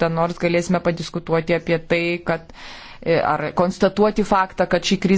kada nors galėsime padiskutuoti apie tai, kad e, ar konstatuoti faktą, kad ši krizė